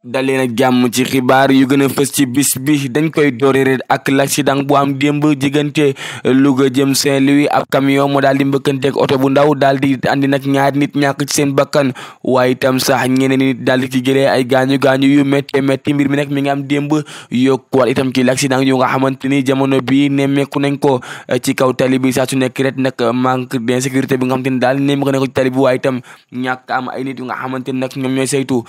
dalee na jàmm ci xibaar yu gën a fës ci bis bi dañ koy dooree ak l'accident bu am démb diggante luga jëm Saint-Louis ab camion moo daal di mbëkkanteeg oto bu ndaw daal di andi nag ñaari nit ñàkk ci seen bakkan waaye itam sax ñeneen nit daal di ci jëlee ay gaañu gaañu yu métti métti mbir mi nag mi ngi am démb yokkuwaat itam ci l'accident yu nga xamante ni jamono bii nemmeeku nañ ko ci kaw tali bi saa su nekk ret nag manque d'insécurité bi nga xamante ni daal nemmeeku nañ ko ci tali bi waaye itam ñàkk am ay nit nga xamante ni nag ñoom ñooy saytu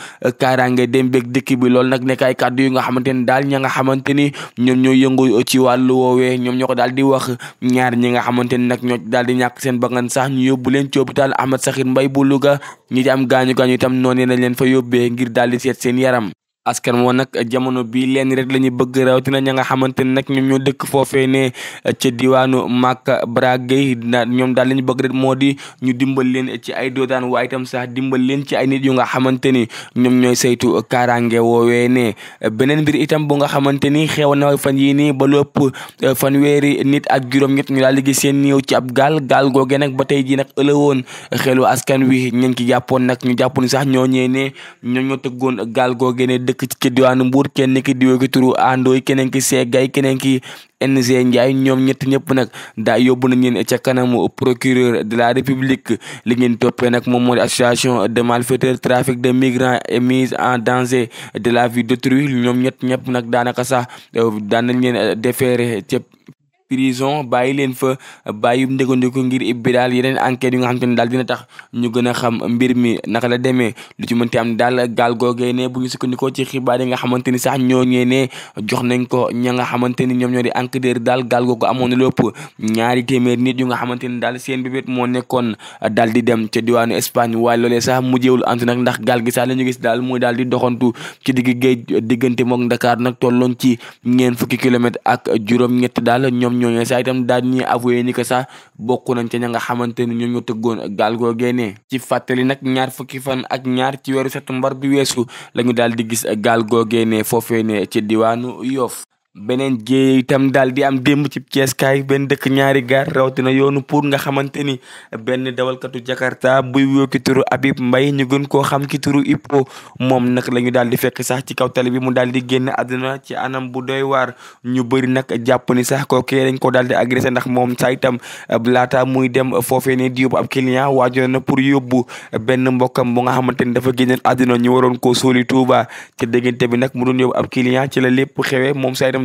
ak dëkk bi loolu nag nekk ay kàddu yu nga xamante ni daal ña nga xamante ni ñoom ñoo yëngu ci wàllu woowee ñoom ñoo ko daal di wax ñaar ñi nga xamante ni nag ñoo daal di ñàkk seen bakkan sax ñu yóbbu leen ci hôpital Ahmed Sakhir Mbaye bu Louga ñi ci am gaañu gaañu itam noonu nañ leen fa yóbbee ngir daal di seet seen yaram askan wa nag jamono bi leen rek la ñu bëgg rawatina ña nga xamante ne nag ñoom ñoo dëkk foofee ne ca diwaanu Maka Bragey na ñoom daal la bëgg rek moo di ñu dimbal leen ci ay doodaan waaye itam sax dimbal leen ci ay nit yu nga xamante ni ñoom saytu kaaraange woowee ne beneen mbir itam bu nga xamante ni xew na fan yii nii ba lépp eh, fanweeri nit ak juróom ñu daal di gis seen néew ci ab gaal gaal googee nag ba tey ji nag ëllëwoon xelu askan wi ña ngi ci jàppoon nag ñu jàppoon sax ñoo ñee ne ñoo gaal googee dëkk ci diwaanu Mbuur kenn ki diwee ki turu àndooy keneen ki see gay NG Ndiaye ñoom ñett ñëpp nag daa yóbbu nañ leen ca kanamu procureur de la république li ngeen toppee nag moo di association de malfaiteurs trafic de migrants et mise en danger de la vie d'autrui ñoom ñett ñëpp nag daanaka sax euh, daan nañ leen déféré prison bàyyi leen fa bàyyum ndegandiku ngir ibbi daal yeneen enquêtes yu nga xam te ne daal dina tax ñu a xam mbir mi naka la demee lu ci mënti am daal gaal ne bu ñu sukkandikoo ci xibaar yi nga xamante ni sax ñooñee ne jox nañ ni ñoom ñoo di enquêteur daal gaal googu amoon na lépp ñaari téeméer nit yu nga xamante ni daal seen bébét moo nekkoon daal di dem ca diwaanu Espagne waaye loolee sax mujjewul antu nag ndax gaal gi sax la ñu gis daal muy daal di doxantu ci digg géej diggante mook Dakar ñooñu sax itam daal ñuy avoué ni que sax bokk nañ ca ña nga xamante ni ñoo ñu tëggoon gaal googee ne ci fàttali nag ñaar fukki fan ak ñaar ci weeru septembre bi weesu lañu daal di gis gaal googee ne foofee ne ci diwaanu Yoff beneen jéey itam daal di am démb ci Cees kaay benn dëkk ñaari gaar rawatina yoonu pour nga xamante ni benn dawalkatu Jakarta buy wuyoo ki turu Habib Mbaye ñu gën koo xam ki turu Ipo moom nag la ñu daal di fekk sax ci kaw tali bi mu daal di génn àdduna ci anam bu doy waar ñu bëri nag jàpp ni sax kooku dañ ko daal di agressé ndax moom saa itam laata muy dem foofee ne di yóbbu ab client waajoon na pour yóbbu benn mbokkam bu nga xamante ni dafa génnoon àdduna ñu waroon koo tuba Touba ci déggante bi nag mu doon yóbbu ab client la lépp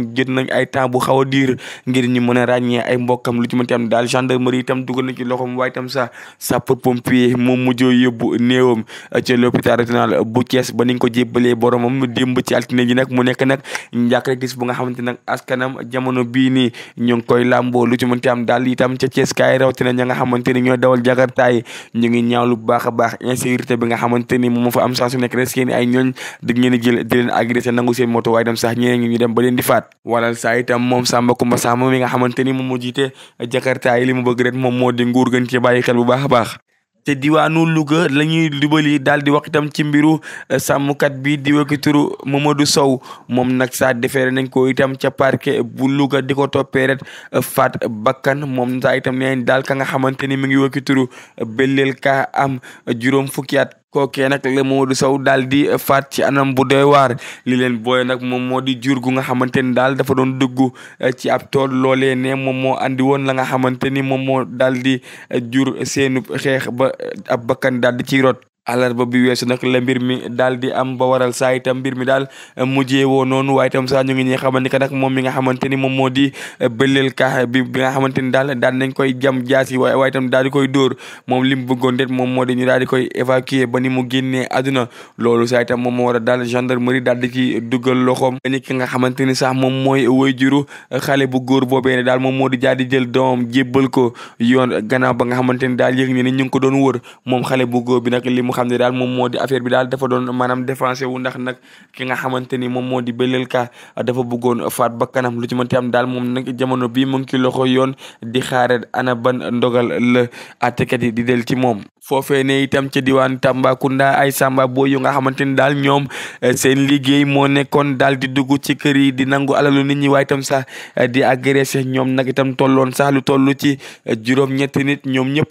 itam jël nañ ay temps bu xaw a diir ngir ñu mën a ràññee ay mbokkam lu ci mën ti am daal gendarmerie itam dugal na ci loxoom waaye itam sax sapeur pompier moom mujjoo yóbbu néewam uh, ci l'hôpital régional bu Thiès ba niñ ko jébbalee boromam démb ci altine ji nag mu nekk nag bu nga xamante nag askanam jamono bii nii ñu ngi koy làmboo lu ci mën ti am daal itam ca Thiès kaay rawatina ña nga xamante ni ñooy dawal jakartaay ñu a baax insécurité ni moom fa am saa su nekk rek seen ay ñooñ di ngeen jël di leen agressé nangu seen moto waaye dem sax ñeneen ñi ñu dem ba leen di faat wala saa itam moom Samba Kumba Samba mi nga xamante ni moom moo jiite Jakarta yi li mu bëgg rek moom moo di nguur gën ci bàyyi xel bu baax a baax te diwaanu Louga la ñuy dubali daal di wax itam ci mbiru eh, sàmmkat bi di wekk turu Mamadou Sow moom nag saa defeere nañ ko itam ca parquet bu Louga di ko toppee ret eh, faat bakkan moom saa itam neen daal ka nga xamante ni mi ngi wekk turu eh, Belel ka am juróom fukki kookee nag la Mamadou Sow daal di faat ci anam bu doy waar li leen booy nag moom moo di jur gu nga xamante ni daal dafa doon dugg eh, ci ab tool loolee ne moom moo andi woon la nga xamante ni moom moo daal di eh, jur seenu xeex ba eh, ab bakkan daal di ciy rot àllarba bi weesu nag la mbir mi daal di am ba waral saa itam mbir mi daal mujjee woo noonu waaye tam saa ñu ngi ñuy xamante que nag moom mi nga xamante ni moom moo di bëleel ka nga xamante ni daal daan nañ koy jam jaas yi waaye waaye itam daal di koy dóor moom li mu bëggoon det moom moo di ñu daal di koy évacuer ba ni mu génnee àdduna loolu saa itam moom moo war a daal gendarmerie daal di ci duggal loxoom ni ki nga xamante ni sax moom mooy woy juru xale bu góor boobee ne daal moom moo di daal di jël doomam jébbal ko yoon gannaaw ba nga xamante ni daal yëg ne ni ñu ngi ko doon wër moom xale bu góor bi nag xam ne daal moom moo di affaire bi daal dafa doon maanaam défensé wu ndax nag ki nga xamante ni moom moo di Belel Ka dafa bëggoon faat bakkanam lu ci mënti am daal moom nag jamono bii mu ngi ci loxo yoon di xaaret ana ban ndogal la àttekat yi di del ci moom foofee ne itam ca diwaan Tambacounda ay samba bo yu nga xamante ni daal ñoom eh, seen liggéey moo nekkoon daal di dugg ci kër yi di nangu alalu nit ñi waaye itam sax eh, di agressé ñoom nag itam tolloon sax lu toll ci eh, juróom-ñetti nit ñoom ñëpp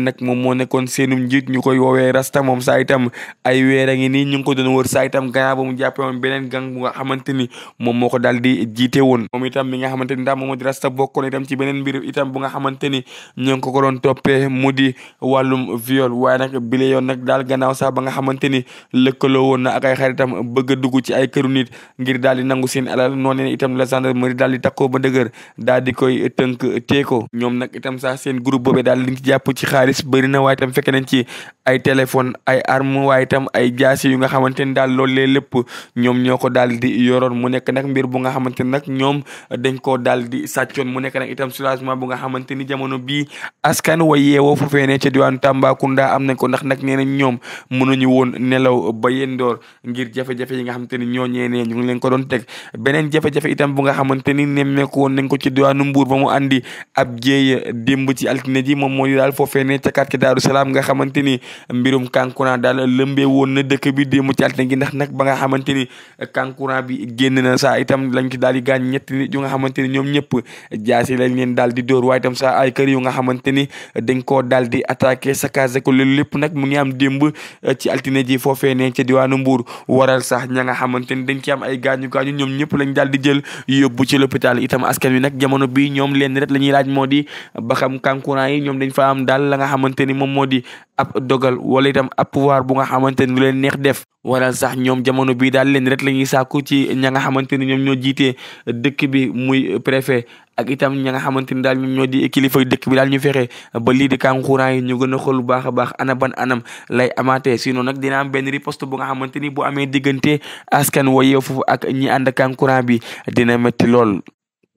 ni nag moom moo nekkoon seenum njiit ñu koy woowee rasta moom saa itam ay weer a ngi nii ñu ngi ko doon wër saa itam gannaaw ba mu jàppee woon beneen gang bu nga xamante ni moom moo ko daal itam mi nga xamante ni daal moom di rasta bokkoon itam ci beneen mbir itam bu nga xamante ni ñoo ngi ko ko doon toppee mu di wàllum viol waaye nag bile yoon nag daal gannaaw sax ba nga xamante ni lëkkaloo woon na ak ay xaritam bëgg a dugg ci ay këru nit ngir daal di nangu seen alal noonu itam la gendarmerie daal di takkoo ba dëgër daal di koy tënk teeko ñoom nag itam sax seen groupe boobee daal liñ ci ci xaalis xaalis bëri na waaye tam fekke nañ ci ay téléphone ay arme waaye ay jaasi yu nga xamante ni daal loolee lépp ñoom ñoo ko daal di yoroon mu nekk nag mbir bu nga xamante ni nag ñoom dañ koo daal di sàccoon mu nekk nag itam soulagement bu nga xamante ni jamono bii askan wa yeewoo fu fee ne ca diwaanu am nañ ko ndax nag nee ñoom mënuñu woon nelaw ba yendoor ngir jafe-jafe yi nga xamante ni ñoo ñeenee ñu ngi leen ko doon teg beneen jafe-jafe itam bu nga xamante ni nemmeeku woon nañ ko ci diwaanu Mbuur ba mu andi ab jéey démb ci ji daal foofee ca quartier Daaru Salaam nga xamante ni mbirum kankuran daal lëmbee woon na dëkk bi démb ci altine gi ndax nag ba nga xamante ni kankuran bi génn na saa itam lañ ci daal di gaañ ñetti nit nga xamante ni ñoom ñëpp jaasi lañ leen daal di dóor waaye itam sax ay kër yu nga xamante ni dañ koo daal di attaqué saccagé ko loolu lépp nag mu ngi am démb ci altine ji foofee ne ca diwaanu Mbuur waral sax ña nga xamante ni dañ ci am ay gaañu gaañu ñoom ñëpp lañ daal di jël yóbbu ci l'hôpital itam askan wi nag jamono bi ñoom leen rek la ñuy laaj moo di ba xam yi ñoom xamante ni moom moo di ab dogal wala itam ab pouvoir bu nga xamante ni lu leen neex def wala sax ñoom jamono bii daal leen rek la ñuy sàkku ci ña nga xamante ni ñoom ñoo jiitee dëkk bi muy préfet ak itam ña nga xamante ni daal ñoom ñoo di kilifa dëkk bi daal ñu fexe ba lii di kankurang yi ñu gën a xool bu baax a baax ban anam lay amaatee sinon nag dina am benn riposte bu nga xamante ni bu amee diggante askan wa yeew foofu ak ñi ànd kankurang bi dina métti lool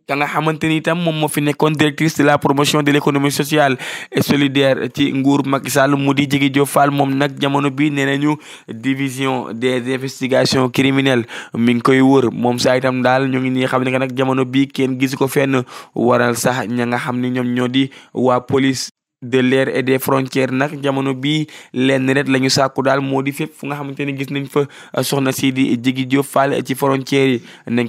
ka nga xamante ni itam moom moo fi nekkoon directrice de la promotion de l' économie sociale et solidaire ci nguur Macky Sall mu di Jigi Diop moom nag jamono bi nee nañu division des investigations criminelles mi ngi koy wër moom saa itam daal ñu ngi nii xam ne que nag jamono bi kenn gis ko fenn waral sax ña nga xam ni ñoom ñoo di waa police de l'air et des frontières nag jamono bii lenn ret la ñu daal moo di nga xamante gis nañ fa euh, soxna si di Djigy Diop Fall ci frontières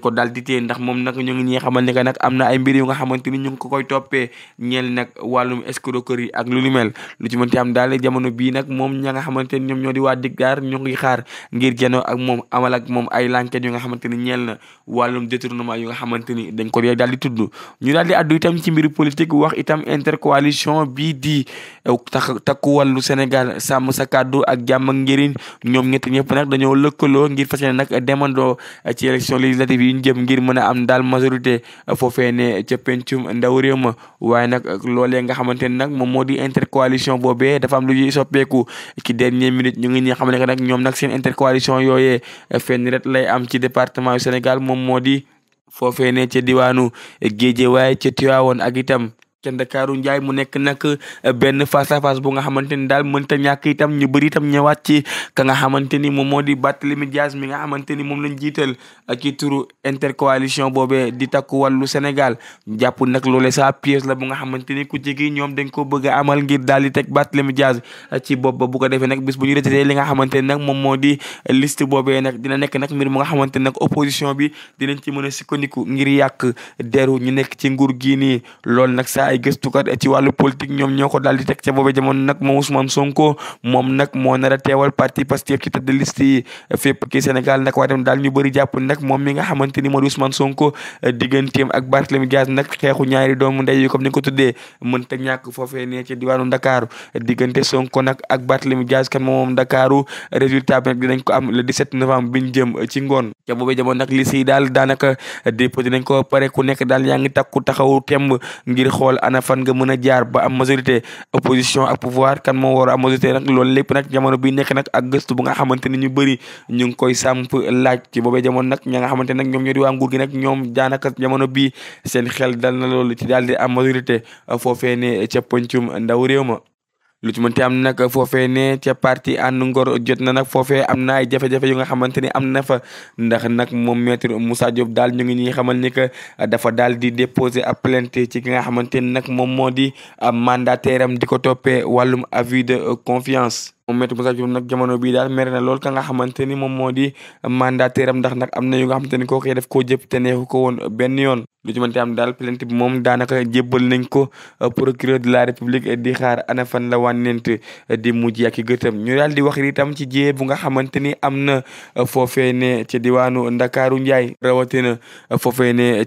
ko daal di téye ndax moom nag ñu ngi ñuy xamal ne que nag am na ay mbir yu nga xamante ni ñu ngi ko koy toppee ñeel nag wàllum escroquerie ak lu ni mel lu ci mënti am daal jamono bii nag moom ña xamante ni ñoom ñoo di waa diggaar ñu xaar ngir janoo ak moom amal ak moom ay lanket yu nga xamante ni ñeel na wàllum détournement yu nga xamante ni dañ ko daal di tudd ñu daal di itam ci politique wax itam intercoalition bii di eh, tax takku wàllu Sénégal sàmm sa kàddu ak jàmm ak njëriñ ñoom ñett ñëpp nag dañoo lëkkaloo ngir fas yéene nag demandoo eh, ci élection législative yi ñu jëm ngir mën a am daal majorité eh, foofee ne ca pencum ndaw réew ma waaye nag loolee nga xamante ne nag moom moo di intercoalition bo dafa am lu ñuy soppeeku ki dernière minute ñu ngi ñi xam ne que nag ñoom nag seen intercoalition yooyee fenn rek lay am ci département yu Sénégal moom moo di foofee ne ca diwaanu Guédiawaye ca ca Ndakaaru Njaay mu nekk nag eh, benn face à face nga xamante ni daal mënta ñàkk itam ñu bëri itam ñëwaat ci ka nga xamante ni moom moo di Barthélémy Dias mi nga xamante ni moom lañ jiital eh, ci turu intercoalition boobee di takku wàllu Sénégal jàpp nag loole sa la bu nga xamante ni ku jigi ñoom dañ ko bëgg amal ngir daal di teg Barthélémy Dias eh, ci bopp ba bu ko defee nag bis bu ñu retiré li nga xamante ni nag moom moo di liste boobee nag dina nekk nag mbir mu nga xamante ni nag opposition bi dinañ ci mën a sukkandiku ngir yàq deru ñu nekk ci ngur gi nii loolu nag saa ay gëstukat ci wàllu politique ñoom ñoo ko daal di teg ca boobe jamono nag moom Ousmane Sonko moom nag moo nar a teewal parti Pastef ci tëdd liste yi fépp ki Sénégal nag waaye tam daal ñu bëri jàpp moom mi nga xamante ni moo Sonko eh, digganteem ak Barthélemy Dias nag xeexu ñaari doomu ndey yi ni ko tuddee mën ta ñàkk foofee ne ci Ndakaaru diggante Sonko nag ak Barthélemy Dias kan moom Ndakaaru résultat bi nag dinañ ko am ci ngoon ca boobe jamono ana fan nga mën a jaar ba am majorité opposition ak pouvoir kan moo war a am majorité nag loolu lépp nag jamono bi nekk nag ak gëstu bu nga xamante ni ñu bëri ñu ngi koy samp laaj ci boobee jamono nag ña nga xamante nag ñoom ñoo di waa nguur gi nag ñoom daanaka jamono bii seen xel dal na loolu ci daal di am majorité foofee ne ca pëncum ndaw réew ma lu ci mënti am nag foofee ne ca parti ànd ngor jot na nag foofee am na ay jafe-jafe yu nga xamante ni am na fa ndax nag moom maître Moussa Diop daal ñu ngi ñuy xamal ni que dafa daal di déposer ab plainte ci ki nga xamante ni nag moom moo di mandataire am di ko toppee wàllum avis de confiance moom Maître Moussa Diouf nag jamono bii daal mer na lool ka nga xamante ni moom moo di mandataire am ndax nag am na yu nga xamante ni koo koy def koo jëpp te ko woon benn yoon lu ci mënti am daal plainte bi moom daanaka jébbal nañ ko euh, procureur de la république di xaar ana fan la wànnent euh, di mujj ak gëtëm ñu daal di wax itam ci jiyee bu nga xamante ni am na euh, foofee ne ca diwaanu Ndakaaru Njaay rawatina foofee ne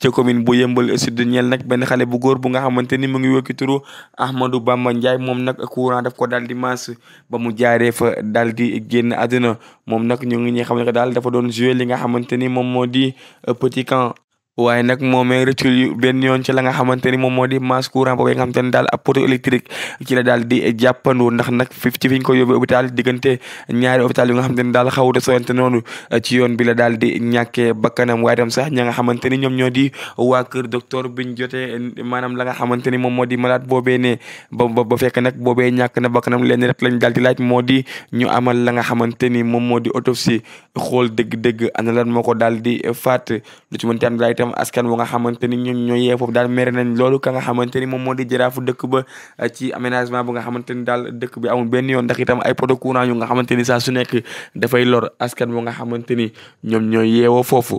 ca commune bu yëmbal sud ñeel nag benn xale bu góor bu nga xamante ni mu ngi wekki turu Ahmadou Bamba Ndiaye moom nag courant daf ko daal di masse ba mu jaaree fa daal di génn àdduna moom nag ñu ngi ñi xam ne daal dafa doon joué li nga xamante ni moom moo di euh, petit camp waaye nag moomee rëccul yu benn yoon ci la nga xamante ni moom moo di masse courant boobee nga xamante ni daal ab poteau électrique ci la daal di jàppandu ndax nag fi ci fi ñu ko yóbbee hôpital diggante ñaari hôpital yu nga xamante ni daal xawuta soyante noonu ci yoon bi la daal di ñàkkee bakkanam waaye tam sax ña nga xamante ni ñoom ñoo di waa kër docteur biñ jotee maanaam la nga xamante ni moom moo di malade boobee ne ba ba fekk nag boobee ñàkk na bakkanam leen rek lañ daal di laaj moo di ñu amal la nga xamante ni moom moo di autopsie xool dëgg-dëgg ana lan moo ko daal di faat lu ci mënti am itam askan wu nga xamante ni ñoom ñooy yee foofu daal mere nañ loolu ka nga xamante ni moom moo di jaraafu dëkk ba eh, ci aménagement bu nga xamante ni daal dëkk bi amul benn yoon ndax itam ay poto courant yu nga xamante ni saa su nekk dafay lor askan wu nga xamante ni ñoom ñooy yeewoo foofu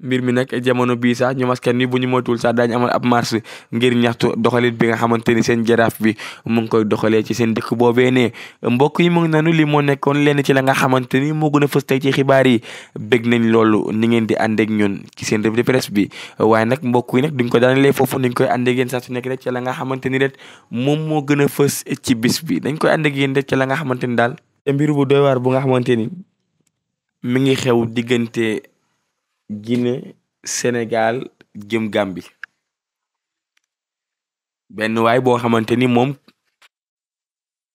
mbir mi nag jamono bii sax ñoom askan wi bu ñu moytuwul sax daañu amal ab marche ngir ñaxtu doxalit bi nga xamante ni seen jaraaf bi mu ngi koy doxalee ci seen dëkk boobee ne mbokk yi mu ngi nanu li moo nekkoon lenn ci la nga xamante ni moo gën a fës tey ci xibaar yi bég nañ loolu ni ngeen di àndeek ñun ci seen de presse bi waaye nag mbokk yi nag duñ ko daanalee foofu dañ koy àndeek yéen sax su nekk rek nga xamante ni rek moom moo gën a fës ci bis bi dañ koy àndeek yéen rek ci la nga xamante ni daal te mbir bu doy waar nga xamante ni ngi xew diggante Guinée Sénégal jëm Gambie benn waay boo xamante ni moom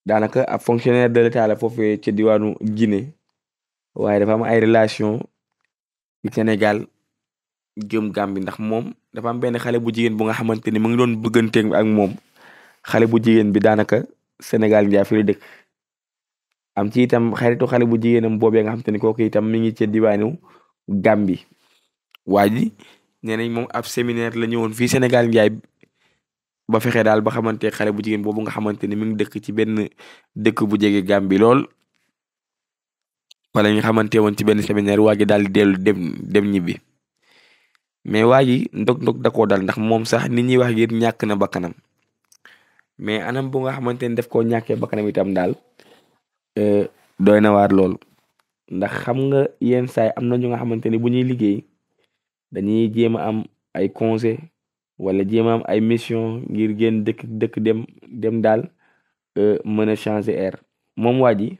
daanaka ab fonctionnaire de l'état la foofee ca diwaanu Guinée waaye dafa ay relation ci Sénégal jëm Gambie ndax moom dafa am benn xale bu jigéen bu nga xamante ni mu ngi doon bëgganteeg ak moom xale bu jigéen bi daanaka Sénégal njaay fi am ci itam xaritu xale bu jigéenam boobee nga xamante ni kooku itam mi ngi ca diwaanu Gambie waa ji nee nañ moom ab séminaire la ñëwoon fii Sénégal Ndiaye ba fexe daal ba xamante xale bu jigéen boobu nga xamante ni mi ngi dëkk ci benn dëkk bu jege Gàmbi lool wala ñu xamante woon ci benn séminaire waa ji daal di dellu dem dem ñibbi mais waa ji ndog-ndog da koo dal ndax moom sax ni ñuy wax ngir ñàkk na bakkanam mais anam bu nga xamante ni daf koo ñàkkee bakkanam itam daal euh, doy na waar lool ndax xam nga yenn saay am na ñu nga xamante ni bu ñuy liggéey. dañuy jéem a am ay conseil wala jéem am ay mission ngir génn dëkk dëkk dem dem daal euh, mën a air moom waa ji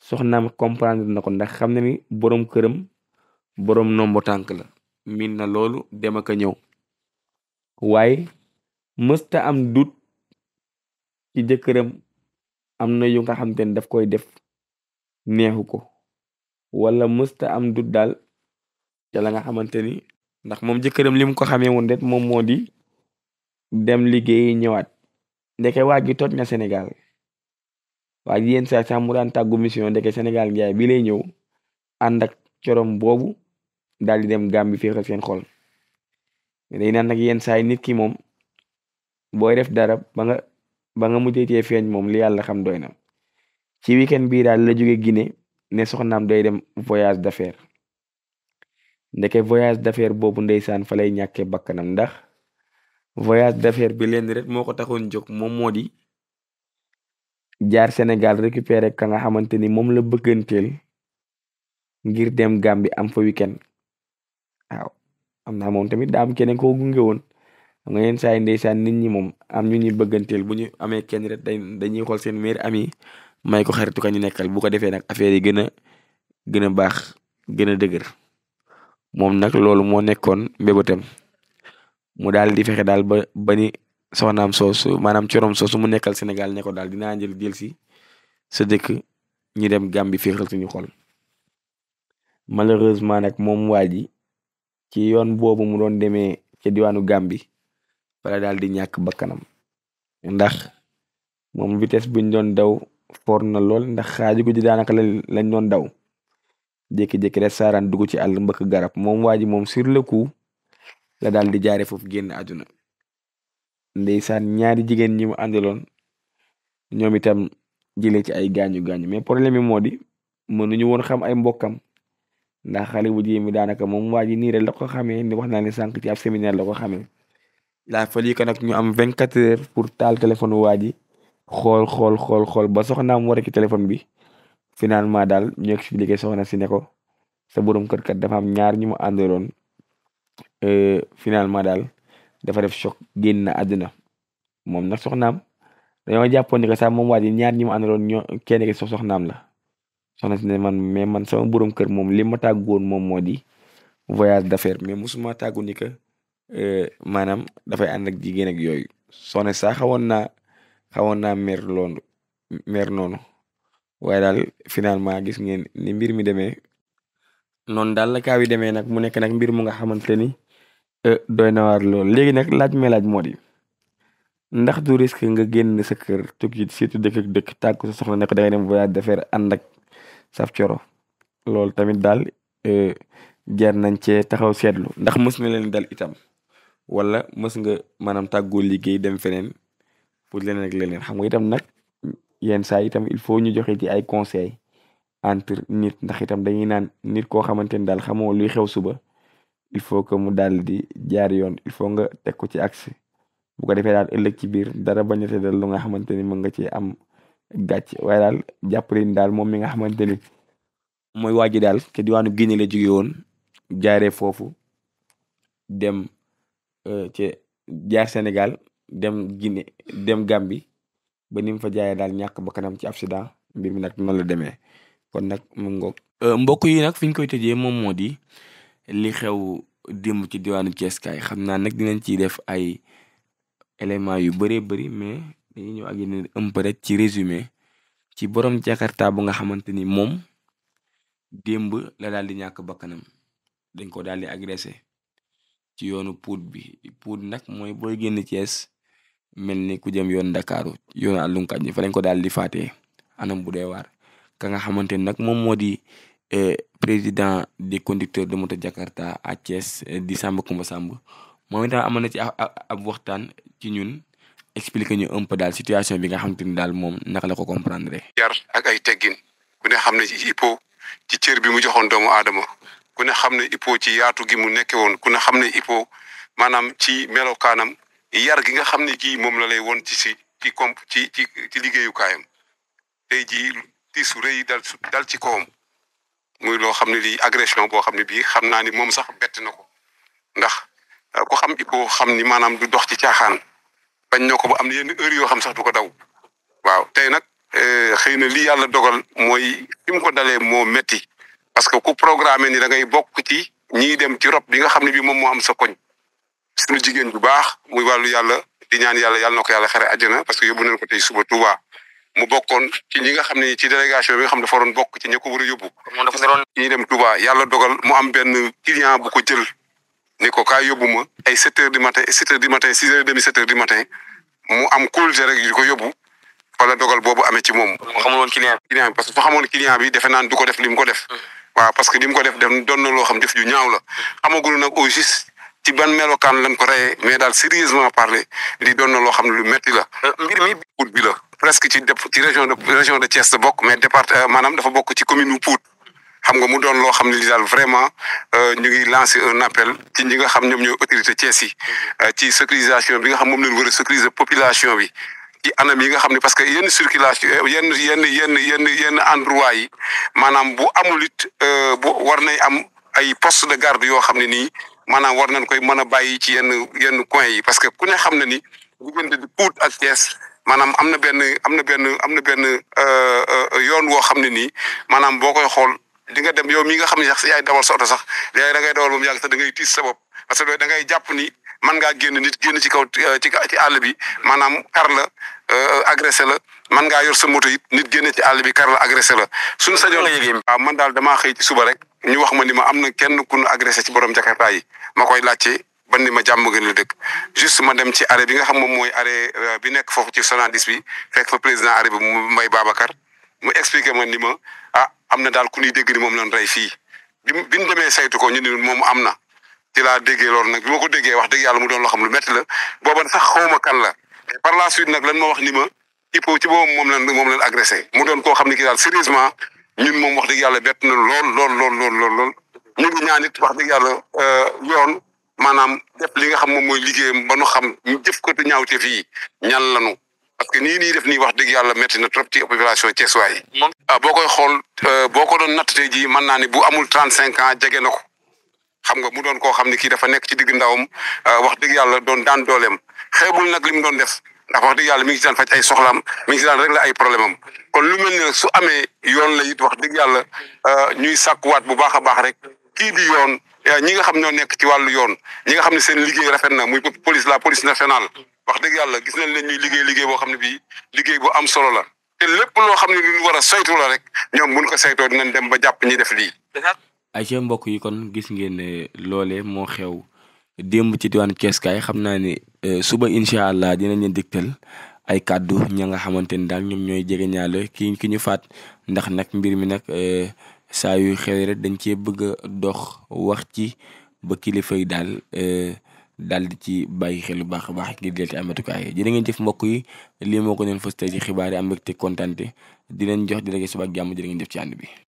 soxnaam comprendre na ko ndax xam na ni boroom këram boroom nombo tànk la miin na loolu dem ak a ñëw waaye mësta am dut ci jëkkëram am na yu nga xam te ne daf koy def neexu ko wala mësta am dut daal ca la nga xamante ni ndax moom jëkkëram li mu ko xamee woon rek moom moo di dem liggéeyi ñëwaat ndeke waa gi toj na Sénégal waa gi yenn saa sax mu daan tàggu mission ndeke Sénégal njaay bi lay ñëw ànd ak corom boobu daal di dem Gàmbi féexal seen xool day nag yenn saay nit ki moom booy def dara ba nga ba nga mujjee feeñ moom li yàlla xam doy na ci weekend bii daal la jóge Guinée ne soxnaam day dem voyage d'affaires ndeke voyage d'affaires boobu ndeysaan fa lay ñàkkee bakkanam ndax voyage d'affaires bi leen rek moo ko taxoon jóg moom moo di jaar Sénégal récupérer ka nga xamante ni moom la bëgganteel ngir dem Gambie am fa weekend waaw am naa moom tamit daa am keneen koo gunge woon nga yenn saa yi nit ñi moom am ñu ñuy bëgganteel bu ñu amee kenn rek dañuy xool seen meilleur ami may ko xaritu ka ñu nekkal bu ko defee nag affaire yi gën a gën a baax gën a dëgër. moom nag loolu moo nekkoon mbébétam mu daal di fexe daal ba bani ni soxnaam soosu maanaam corom soosu mu nekkal Sénégal ne daal dinaa jël jël si sa dëkk ñi dem Gàmbi féexal suñu xol malheureusement nag moom waa ji ci yoon boobu mu doon demee ca diwaanu Gàmbi wala daal di ñàkk bakkanam ndax moom vitesse buñ doon daw foor na lool ndax xaaju guddi daanaka lañ doon daw jékki-jékki rek saaraan dugg ci àll mbëkk garab moom waa ji moom sur le coup la daal di jaare foofu génn àdduna ndeysaan ñaari jigéen ñi mu àndaloon ñoom itam jëlee ci ay gaañu gaañu mais problème bi moo di mënuñu woon xam ay mbokkam ndax xale bu jigéen mi daanaka moom waa ji nii rek la ko xamee ni wax naa ne sànq ci ab séminaire la ko xamee laa falii que nag ñu am 24 heures pour taal téléphone waa ji xool xool xool xool ba soxnaam war a ci téléphone bi finalement daal ñu expliqué soxna si ne ko sa borom kër kat dafa am ñaar ñu mu àndaloon euh, finalement daal dafa def choc génn na àdduna moom nag soxnaam dañoo jàppoon ni que sax moom waa ji ñaar ñi mu àndaloon ñoo kenn ki soxnaam la soxna si ne man mais man sama borom kër moom li ma tàggoon moom moo di voyage d'affaires mais musuma tàggu ni que euh, maanaam dafay ànd ak jigéen ak yooyu soxna sax xawoon naa xawoon naa mer loolu mer noonu. waaye daal finalement gis ngeen ni mbir mi demee noonu daal la kaaw yi demee nag mu nekk nag mbir mu nga xamante ni eh, doy na waar lool léegi nag laaj may laaj moo di ndax du risque nga génn sa kër tukki surtout dëkk ak dëkk tàggu sa soxna ne ko da ngay dem voyage d'affaires coro loolu tamit daal eh, jar nañ cee taxaw seetlu ndax mës na dal itam wala mës nga maanaam tàggoo liggéey dem feneen pour leneen rek leneen xam nga itam nag yenn saa itam il faut ñu joxe ci ay conseil entre nit ndax itam dañuy naan nit koo xamante ni daal xamoo luy xew suba il faut que mu daal di jaar yoon il faut nga teg ko ci axe bu ko defee daal ëllëg ci biir dara bañ a dal lu nga xamante ni mën nga ci am gàcc waaye daal jàpp leen daal moom mi nga xamante ni mooy waa ji daal te diwaanu Guinée la jóge woon jaaree foofu dem euh, ci jaar Sénégal dem Guinée dem Gambie ba ni mu fa jaayee daal ñàkk ba ci accident mbir mi nag noonu la demee kon nag mu ngoog. Euh, mbokk yi nag fi ñu koy tëjee moom moo di li xew démb ci diwaanu Thiès kaay xam naa nag dinañ ciy def ay éléments yu bëree bëri mais dañuy ñëw ak yeneen ëmp ci résumé ci borom Jakarta ba nga xamante ni moom démb la daal di ñàkk bakkanam dañ ko daal di agressé ci yoonu Pout bi Pout nag mooy booy génn Thiès. mel ku jëm yoon Ndakaaru yoonu àllunkaaj bi fa lañ ko daal di faatee anam bu dee waar ka nga xamante ni nag moom moo di eh, président des conducteurs de moto Jakarta à Thiès eh, di Samba Kumba Samb moom itam amoon na ci ab waxtaan ci ñun expliquer ñu un daal situation bi nga xamante ni daal moom naka la ko comprendre. yar ak ay teggin ku ne xam ne ci hippo bi mu joxoon doomu aadama ku ne xam ne hippo ci yaatu gi mu nekke woon ku ne xam ne hippo maanaam ci melokaanam. yar gi nga xam ne kii moom la lay woon ci si ci comp ci ci ci liggéeyukaayam tey ji tiisu rëy dal dal ci kawam muy loo xam ne lii agression boo xam ne bii xam naa ni moom sax bett na ko ndax ah, ku xam Ippo xam ni maanaam du dox ci caaxaan bañ na ko ba am na yenn heure yoo xam sax du ko daw waaw tey nag eh, xëy na lii yàlla dogal mooy fi mu ko dalee moo métti parce que ku programme ni da ngay bokk ci ñiy dem ci rop bi nga xam ne bii moom moo am sa koñ suñu jigéen bu baax muy wàllu yàlla di ñaan yàlla yàlla na ko yàlla xare àjjana parce que yóbbu nañ ko tey suba Touba mu bokkoon ci ñi nga xam ne ci délégation bi nga xam dafa waroon bokk ci ña ko war a yóbbu ñi dem Touba yàlla dogal mu am benn client bu ko jël ni ko kaa yóbbu ma ay sept heures du matin sept heures du matin six heures et demi sept heures du matin mu am kóolute rek di ko yóbbu dogal boobu amee ci moom xamuloon client bi bi defe naan def li mu ko def mm. waaw parce que li ko def def doon na xam def ju ñaaw ci ban melokaan lañ ko reyee mais daal sérieusement parler li doon na loo xam ne lu métti la. Euh, mbir mi Pout bi presque ci dép ci région de région de Thiès la bokk mais département euh, maanaam dafa bokk ci commune Pout. xam nga mu doon loo xam ne li daal vraiment euh, ñu ngi lancer un appel ci ñi nga xam ñoom ñooy autorité Thiès yi mm-hmm. ci sécurisation bi nga xam moom lañ war a sécuriser population bi. ci anam yi nga xam ne parce que yenn circulation yenn yenn yenn yenn yenn endroit yi maanaam bu amul it bu war nay am ay poste de garde yoo xam ne nii maanaam war nañ koy mën a bàyyi ci yenn yenn coin yi parce que ku ne xam na ni diggante di Pout a Thiès maanaam am na benn am na benn am na benn euh, euh, yoon woo xam ne nii maanaam boo koy xool di nga dem yow mi nga xam ne sax yaay dawal sa oto sax léegi da ngay dawal moom yàgg sax da ngay tiis sa bopp parce que da ngay jàpp ni man ngaa génn nit génn ci kaw euh, ci ci àll bi maanaam kar la agressé la. man ngaa yor sa moto it nit génne ci àll bi kar la agressé la suñu sañoon waaw man daal damaa xëy ci suba rek ñu wax ma ni ma am na kenn ku ñu agressé ci borom jakarta yi ma koy laajte ban ni ma jàmm gën la dëkk juste ma dem ci arrêt bi nga xam moom mooy arrêt euh, bi nekk foofu ci Sonadis bi fekk fa président arrêt bi mu Mbaye Babacar mu expliqué ma ni ma ah am na daal ku ñuy dégg ni moom lañ rey fii bi bi ñu demee saytu ko ñu ni moom am na ci laa déggee loolu nag bi ma ko déggee wax dëgg yàlla mu doon loo xam lu métti la booba sax xawma kan la par la suite nag lan ma wax ni Ippo ci boobu moom lañ moom lañ agressé mu doon ko xam ne ki daal sérieusement ñun moom wax dëgg yàlla bett na lool lool lool lool lool lool ñu ngi ñaan wax dëgg yàlla euh, yoon maanaam def li nga xam moom mooy liggéeyam ba nu xam ñu jëf ko te ñaawte fii ñan lanu parce que nii nii def nii wax dëgg yàlla métti na trop ci population Thiessois yi. ah boo koy xool euh, boo ko doon natt tey jii mën naa ne bu amul trente cinq ans jege na ko xam nga mu doon koo xam ne kii dafa nekk ci digg ndawam euh, wax dëgg yàlla doon daan dooleem xeebul nag li mu doon def. ndax wax dëgg yàlla mi ngi si daan ay soxlaam mi ngi si daan ay problème am kon lu mel ne su amee yoon la it wax dëgg yàlla euh, ñuy sàkkuwaat bu baax a baax rek kii di yoon euh, ñi nga xam ñoo nekk ci wàllu yoon ñi nga xam ne seen liggéey rafet na muy police la police nationale wax dëgg yàlla gis nañ leen ñuy liggéey liggéey boo xam ne bii liggéey bu am solo la te lépp loo xam ne lu ñu war a saytu la rek ñoom mun ko saytoo dinañ dem ba jàpp ñi def lii ay ci mbokk yi kon gis ngeen ne loolee moo xew démb ci diwaan Cees xam naa ni euh, suba incha allah dinañ leen dégtal ay kàddu ña nga xamante ni daal ñoom ñooy jege ñaale ki ki ñu faat ndax nag mbir mi nag euh, saa yu xewee rek dañ cee bëgg a dox wax ci ba kilifa yi daal euh, daal di ci bàyyi xel bu baax a baax ngir del ci amatukaay jërë ngeen jëf mbokk yi lii moo ko doon fës te ci xibaar yi am mbégte kontaan dinañ jox di rek suba ak jàmm jërë ngeen jëf ci ànd bi.